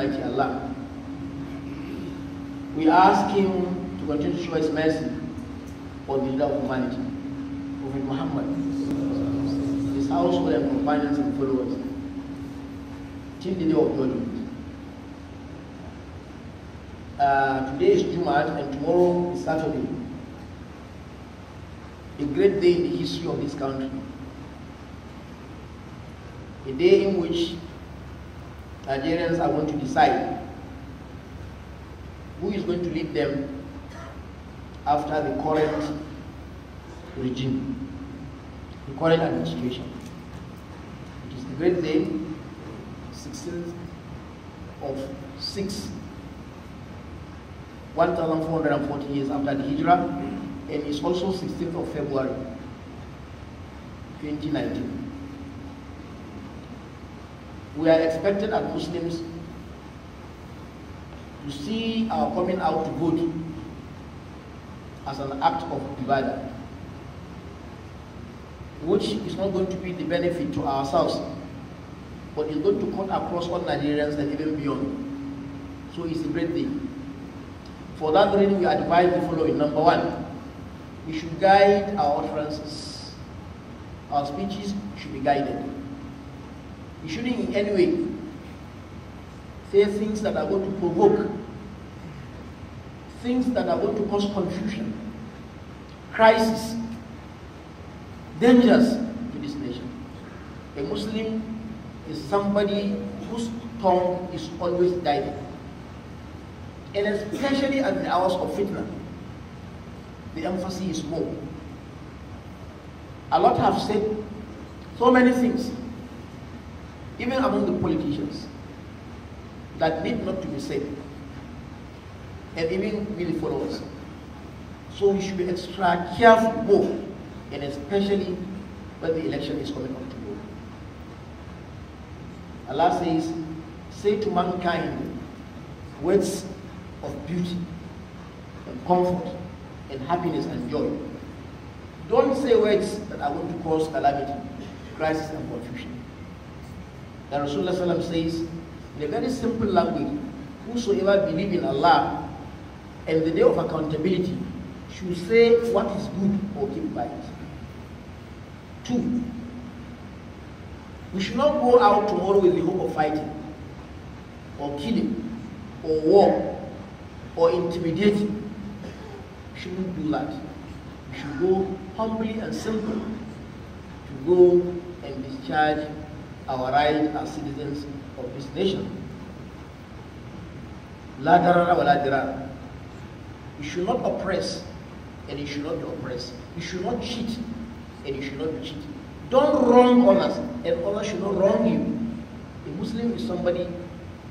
Almighty Allah. We ask Him to continue to show His mercy on the leader of humanity, Prophet Muhammad, his household and companions and followers, till the day of judgment. Uh, today is Jumat and tomorrow is Saturday. A great day in the history of this country. A day in which Nigerians are going to decide who is going to lead them after the current regime, the current administration. It is the great day, 16th of 6, 1,440 years after the Hijrah, and it's also 16th of February, 2019 we are expected as Muslims to see our coming out good as an act of ibadah, which is not going to be the benefit to ourselves, but is going to cut across all Nigerians and even beyond. So it's a great thing. For that reason, we advise the following. Number one, we should guide our utterances. Our speeches should be guided. You shouldn't in any way say things that are going to provoke, things that are going to cause confusion, crisis, dangers to this nation. A Muslim is somebody whose tongue is always guided. And especially at the hours of fitna, the emphasis is more. A lot have said so many things even among the politicians, that need not to be said, and even really followers. So we should be extra careful both, and especially when the election is coming up tomorrow. Allah says, say to mankind words of beauty and comfort and happiness and joy. Don't say words that are going to cause calamity, crisis and confusion. The Rasulullah says in a very simple language, whosoever believes in Allah and the day of accountability should say what is good or keep quiet. Two, we should not go out tomorrow with the hope of fighting or killing or war or intimidating. We shouldn't do that. We should go humbly and simple to go and discharge our right as citizens of this nation. You should not oppress and you should not be oppressed. You should not cheat and you should not be cheated. Don't wrong others and others should not wrong you. A Muslim is somebody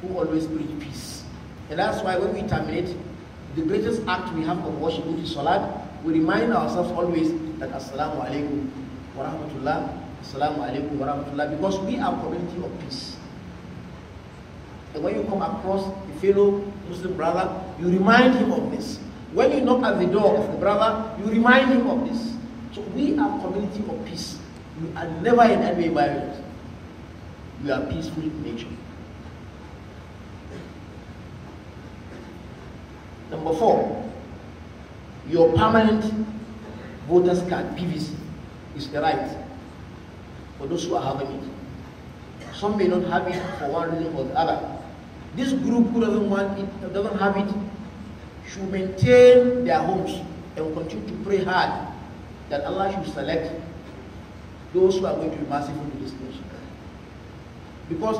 who always brings peace. And that's why when we terminate, the greatest act we have of worship, which is Salat, we remind ourselves always that Assalamu alaikum Warahmatullah, Assalamu alaikum Because we are community of peace. And when you come across a fellow Muslim brother, you remind him of this. When you knock at the door of the brother, you remind him of this. So we are community of peace. We are never in any violence. We are peaceful in nature. Number four, your permanent voters card, PVC is the right for those who are having it. Some may not have it for one reason or the other. This group who doesn't want it, doesn't have it, should maintain their homes and continue to pray hard that Allah should select those who are going to be merciful to this nation. Because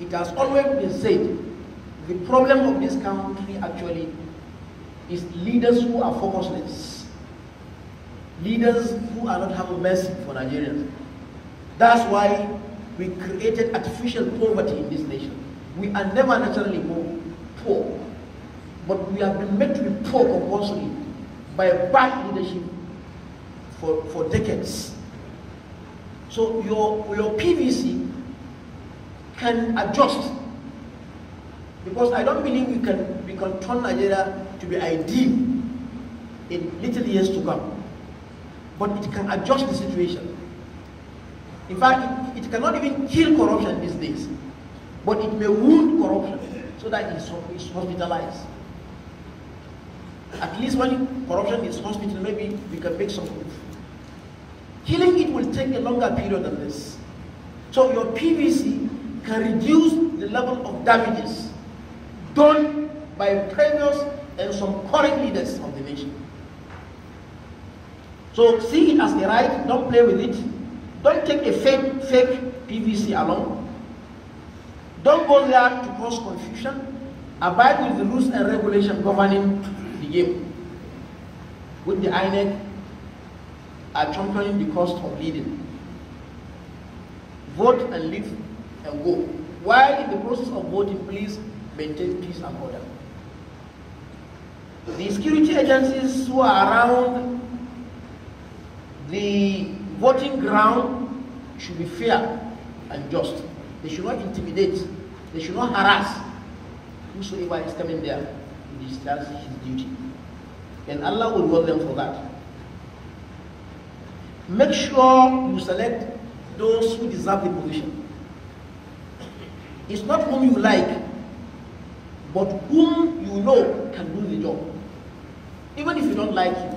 it has always been said, the problem of this country actually is leaders who are focusless leaders who are not having mercy for Nigerians. That's why we created artificial poverty in this nation. We are never naturally poor, but we have been made to be poor compulsory by bad leadership for, for decades. So your, your PVC can adjust because I don't believe we can, we can turn Nigeria to be ideal in little years to come but it can adjust the situation. In fact, it, it cannot even kill corruption these days, but it may wound corruption so that it's, it's hospitalized. At least when corruption is hospitalized, maybe we can make some move. Killing it will take a longer period than this. So your PVC can reduce the level of damages done by previous and some current leaders of the nation. So see it as a right, don't play with it. Don't take a fake, fake PVC along. Don't go there to cause confusion. Abide with the rules and regulation governing the game. With the INEC are championing the cost of leading. Vote and leave and go. While in the process of voting, please maintain peace and order. The security agencies who are around the voting ground should be fair and just. They should not intimidate. They should not harass whosoever is coming there. to does his duty. And Allah will reward them for that. Make sure you select those who deserve the position. It's not whom you like, but whom you know can do the job. Even if you don't like him.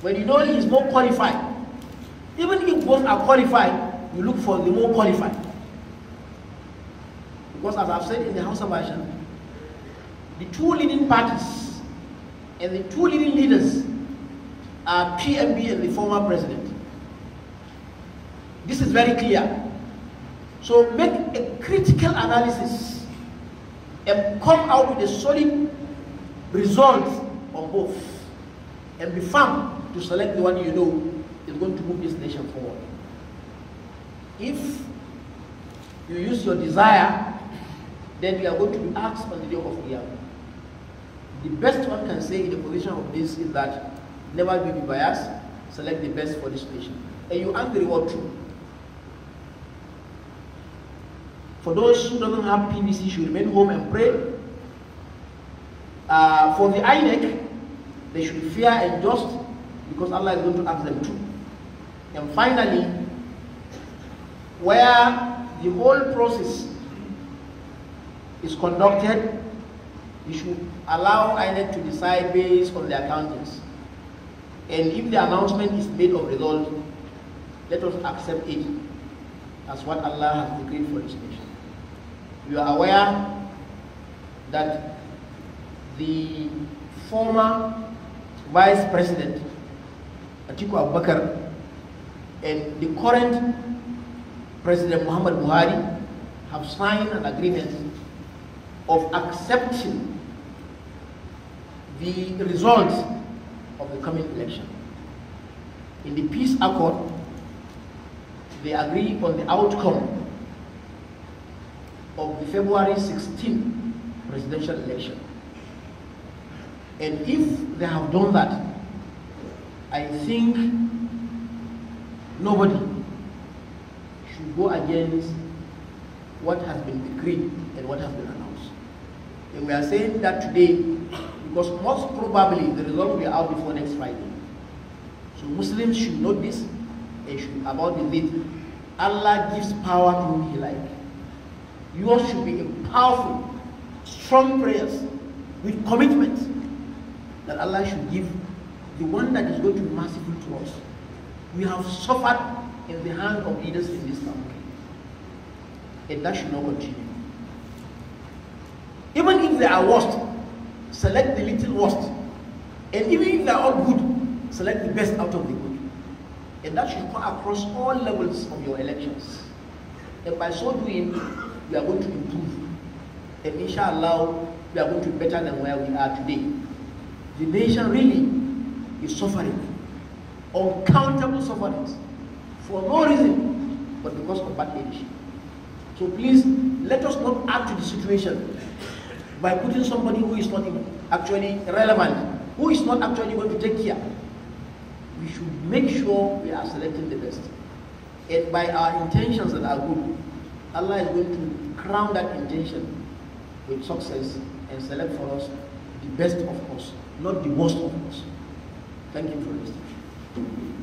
When you know he is more qualified, even if both are qualified, you look for the more qualified. Because as I've said in the House of Asia, the two leading parties and the two leading leaders are PMB and the former president. This is very clear. So make a critical analysis and come out with a solid result on both and be firm to select the one you know is going to move this nation forward. If you use your desire, then you are going to be asked on the day of the Qiyamah. The best one can say in the position of this is that never be biased, select the best for this nation. And you are the reward For those who don't have PVC should remain home and pray. Uh, for the INEC, they should fear and just because Allah is going to ask them to. And finally, where the whole process is conducted, you should allow INET to decide based on their accountings. And if the announcement is made of result, let us accept it as what Allah has decreed for His nation. You are aware that the former Vice President Atiku Abubakar and the current President Muhammad Buhari have signed an agreement of accepting the results of the coming election. In the peace accord, they agree on the outcome of the February 16 presidential election. And if they have done that, I think nobody should go against what has been decreed and what has been announced. And we are saying that today because most probably the result will be out before next Friday. So Muslims should know this and should about the Allah gives power to whom He You Yours should be a powerful, strong prayers with commitment that Allah should give the one that is going to be merciful to us. We have suffered in the hand of leaders in this country. And that should not continue. Even if they are worst, select the little worst. And even if they are all good, select the best out of the good. And that should come across all levels of your elections. And by so doing, we are going to improve. And inshallah, we are going to be better than where we are today. The nation really is suffering uncountable sufferings for no reason but because of bad leadership. So please let us not add to the situation by putting somebody who is not actually relevant, who is not actually going to take care. We should make sure we are selecting the best. And by our intentions that are good, Allah is going to crown that intention with success and select for us the best of us not the worst of us. Thank you for listening.